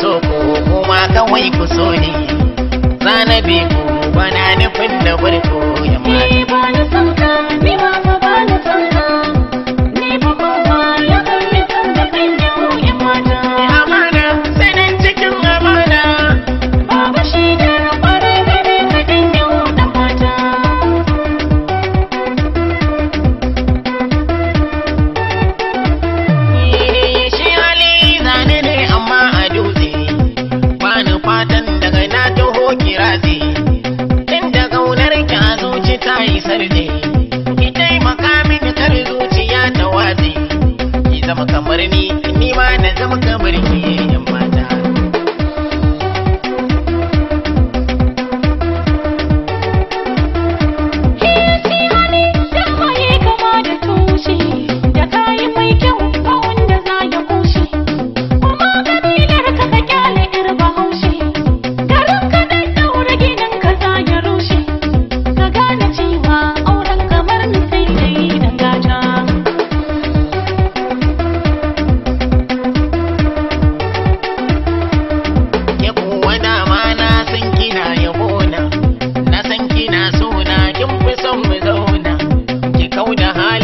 so ko kuma kawai ku so ne zanabi ku bana nufin da barko ya mata நமக்கு அமெரிக்கி zauna ki kauda hali